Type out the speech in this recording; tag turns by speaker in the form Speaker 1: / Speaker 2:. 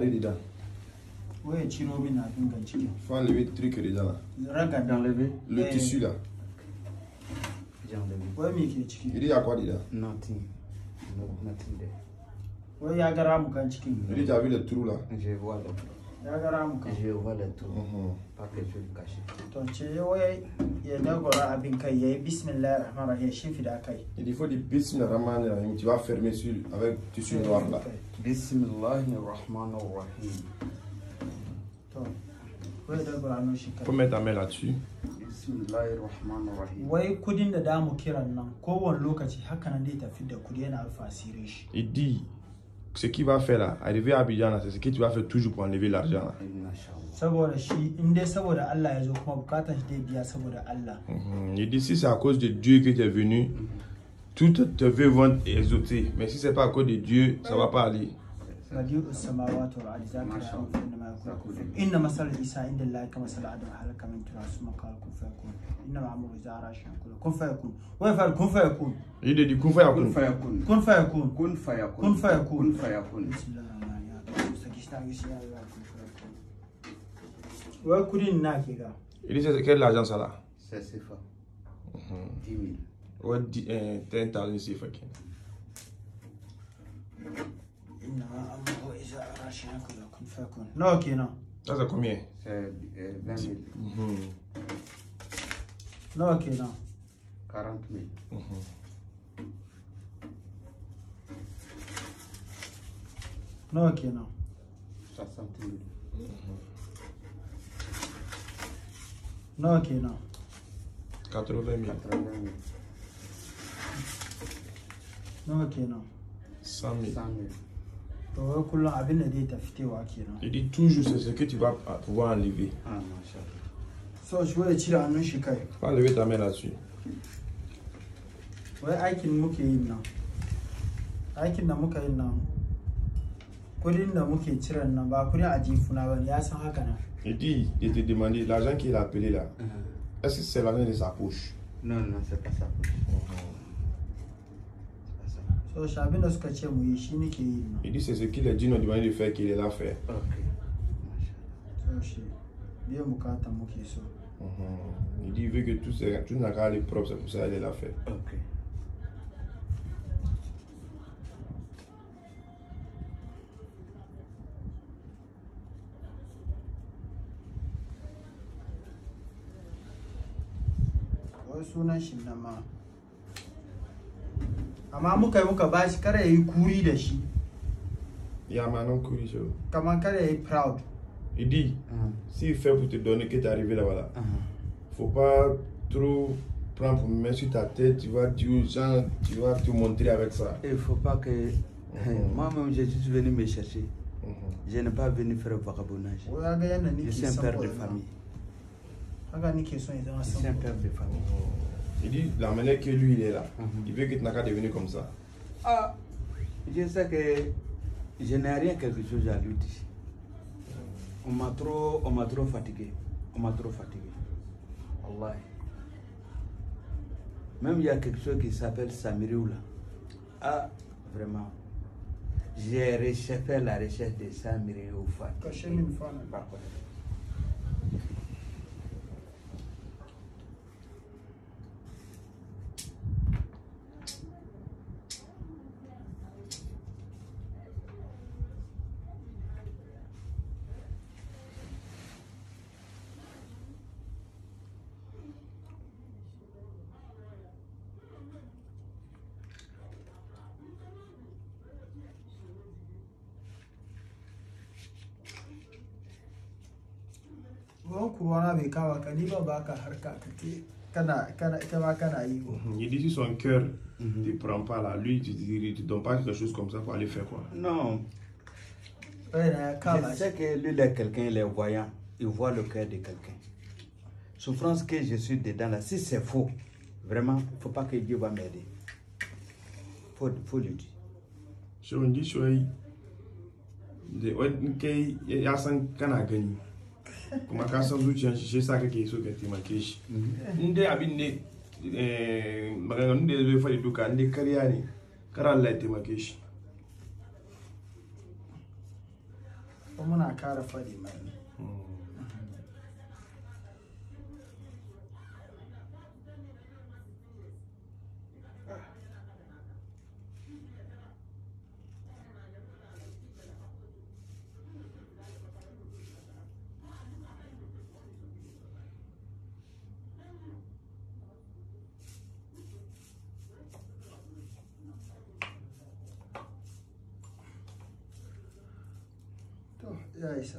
Speaker 1: dedans.
Speaker 2: Il
Speaker 1: faut enlever le truc dedans là. Le tissu là. Il y a quoi dedans Nothing. Il y a vu le trou
Speaker 2: là. Je vois le trou. Je vois le trou. Uh-huh. Pas je vais le ya dagora abin kai yayi bismillahir rahmanir rahim shimfida kai il faut dire
Speaker 1: bismillahir rahmanir rahim tu vas fermer sur avec tissu noir là bismillahir rahmanir rahim
Speaker 2: to wai dagora no shi kai mettre ta main là-dessus bismillahir rahmanir rahim wai kudin da damu kiran nan kowane lokaci haka nan dai tafi da kudi yana alfasirin shi
Speaker 1: idi ce qu'il va faire là, arriver à Abidjan c'est ce que tu vas faire toujours pour enlever l'argent là.
Speaker 2: Il mhm.
Speaker 1: dit si c'est à cause de Dieu que tu es venu, toutes tes vendre vont exaucer. Mais si c'est pas à cause de Dieu, ça ne va pas aller.
Speaker 2: بديع السماوات والارض ذاك العلم فانما يكون ان مثل عيسى عند الله كمثل ادم خلق من تراب ثم قال كن فيكون انما امره اذا اراد شيئا يقول كن فيكون ويفعل كن فيكون يدي كن فيكون كن فيكون كن فيكون كن فيكون كن فيكون كن فيكون بسم الله الرحمن الرحيم سكشتان يسيا كن فيكون وكلين ناكيغا
Speaker 1: Il dit quelle l'argent ça là C'est CFA. 10 000. Ouais, 10
Speaker 2: 000. Não, aqui não. Estás a comer? É, é bem né, uhum. Não, aqui uhum. não. quarenta mil. Uhum. Não, aqui não.
Speaker 1: 60 mil. Uhum. Não, aqui não. 40 mil.
Speaker 2: Não, aqui não. 100 mil. 100 mil. to kullum abin da zai ta fitewa kenan
Speaker 1: idi toujours c'est ce que tu vas pouvoir enlever ah
Speaker 2: so shi wai cire hannun shi kai
Speaker 1: pas lever ta main là-dessus
Speaker 2: wai aikin muke yin nan aikin da muka yin nan kudin da muke ciran nan ba kudin a jifuna ba ya san haka nan
Speaker 1: idi il te demandé l'argent qu'il a appelé là uh-huh. est-ce que c'est l'argent de sa poche non non c'est pas ça. Il dit c'est ce qu'il a dit, nous demandé de faire qu'il est là Il dit veut que tout, propre, c'est pour ça qu'il est là
Speaker 2: amma muka yi muka bashi kare ya yi kuri da shi ya nan kuri so
Speaker 1: kamar kare ya yi proud il dit mm. fait pour te donner que tu es arrivé là voilà mm. faut pas trop prendre pour mettre sur ta tête tu vois, tu aux gens tu vas te montrer avec ça il faut pas que mm-hmm. moi même j'ai juste venu me chercher mm-hmm. je n'ai pas venu faire vagabondage je suis un père de famille
Speaker 2: je suis un père de famille
Speaker 1: il dit, l'emmener que lui, il est là. Mhm. Il veut que tu n'as qu'à devenu comme ça. Ah, je sais que je n'ai rien quelque chose à lui dire. On m'a trop, trop fatigué. On m'a trop fatigué. Allah. Même il y a quelque chose qui s'appelle Samiriou là. Ah, vraiment. J'ai fait la recherche de Samiriou
Speaker 2: Fatigué. Mhm.
Speaker 1: il dit que son cœur, mhm. tu ne prends pas là. Lui, tu ne donnes pas quelque chose comme ça pour aller faire quoi Non.
Speaker 2: Je
Speaker 1: sais que lui, il est quelqu'un, il est voyant. Il voit le cœur de quelqu'un. Souffrance que je suis dedans là, si c'est faux, vraiment, il ne faut pas que Dieu va m'aider. Il faut, faut lui dire. Je me dis, je Il y a gagner. kuma ka san zuciyar shi shi sa kake so ka taimake shi mhm. in dai abin ne eh, maganganun da ya zo faɗi duka in dai karya ne kar Allah ya taimake shi
Speaker 2: muna kara faɗi mai 要一些。